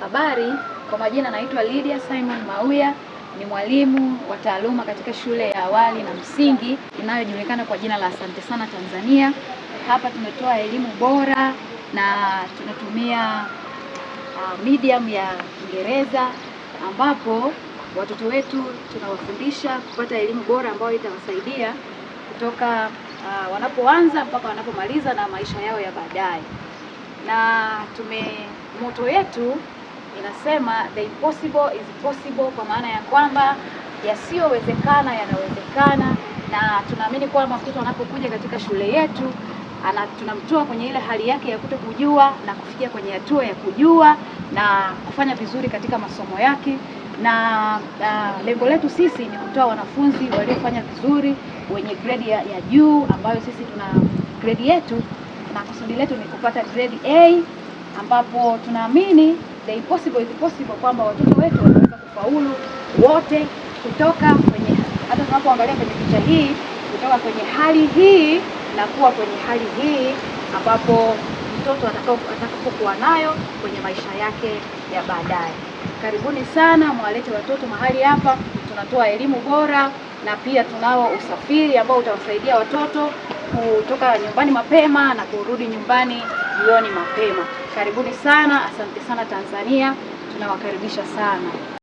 Habari, kwa majina naitwa Lydia Simon Mauya, ni mwalimu wa taaluma katika shule ya awali na msingi inayojulikana kwa jina la Asante Sana Tanzania. Hapa tumetoa elimu bora na tunatumia uh, medium ya Kiingereza ambapo watoto wetu tunawafundisha kupata elimu bora ambayo itawasaidia kutoka uh, wanapoanza mpaka wanapomaliza na maisha yao ya baadaye, na tume moto yetu inasema the impossible is possible, kwa maana ya kwamba yasiyowezekana yanawezekana, na tunaamini kwamba mtoto anapokuja katika shule yetu ana tunamtoa kwenye ile hali yake ya kuto kujua na kufikia kwenye hatua ya kujua na kufanya vizuri katika masomo yake, na na lengo letu sisi ni kutoa wanafunzi waliofanya vizuri wenye grade ya, ya juu ambayo sisi tuna grade yetu na kusudi letu ni kupata grade A ambapo tunaamini the impossible is possible, kwamba watoto wetu wanaweza kufaulu wote, kutoka kwenye hata tunapoangalia kwenye picha hii, kutoka kwenye hali hii na kuwa kwenye hali hii ambapo mtoto atakapokuwa nayo kwenye maisha yake ya baadaye. Karibuni sana, mwalete watoto mahali hapa, tunatoa elimu bora na pia tunao usafiri ambao utawasaidia watoto kutoka nyumbani mapema na kurudi nyumbani jioni mapema. Karibuni sana, asante sana Tanzania, tunawakaribisha sana.